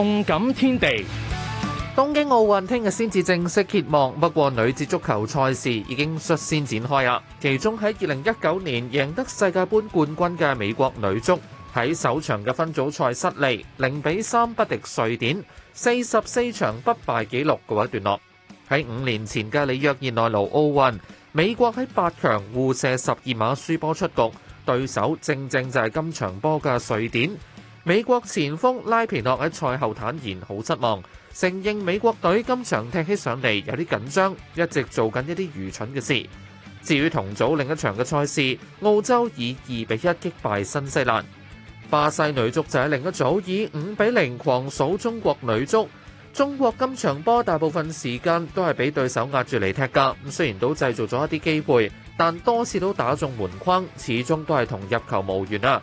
動感天地，東京奧運聽日先至正式揭幕，不過女子足球賽事已經率先展開啊，其中喺二零一九年贏得世界杯冠軍嘅美國女足喺首場嘅分組賽失利，零比三不敵瑞典，四十四場不敗紀錄告一段落。喺五年前嘅里約熱內盧奧運，美國喺八強互射十二碼輸波出局，對手正正就係今場波嘅瑞典。美國前鋒拉皮諾喺賽後坦言好失望，承認美國隊今場踢起上嚟有啲緊張，一直做緊一啲愚蠢嘅事。至於同組另一場嘅賽事，澳洲以二比一擊敗新西蘭。巴西女足就喺另一組以五比零狂數中國女足。中國今場波大部分時間都係俾對手壓住嚟踢噶，咁雖然都製造咗一啲機會，但多次都打中門框，始終都係同入球無緣啊！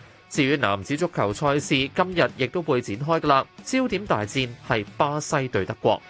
至於男子足球賽事，今日亦都會展開㗎啦，焦點大戰係巴西對德國。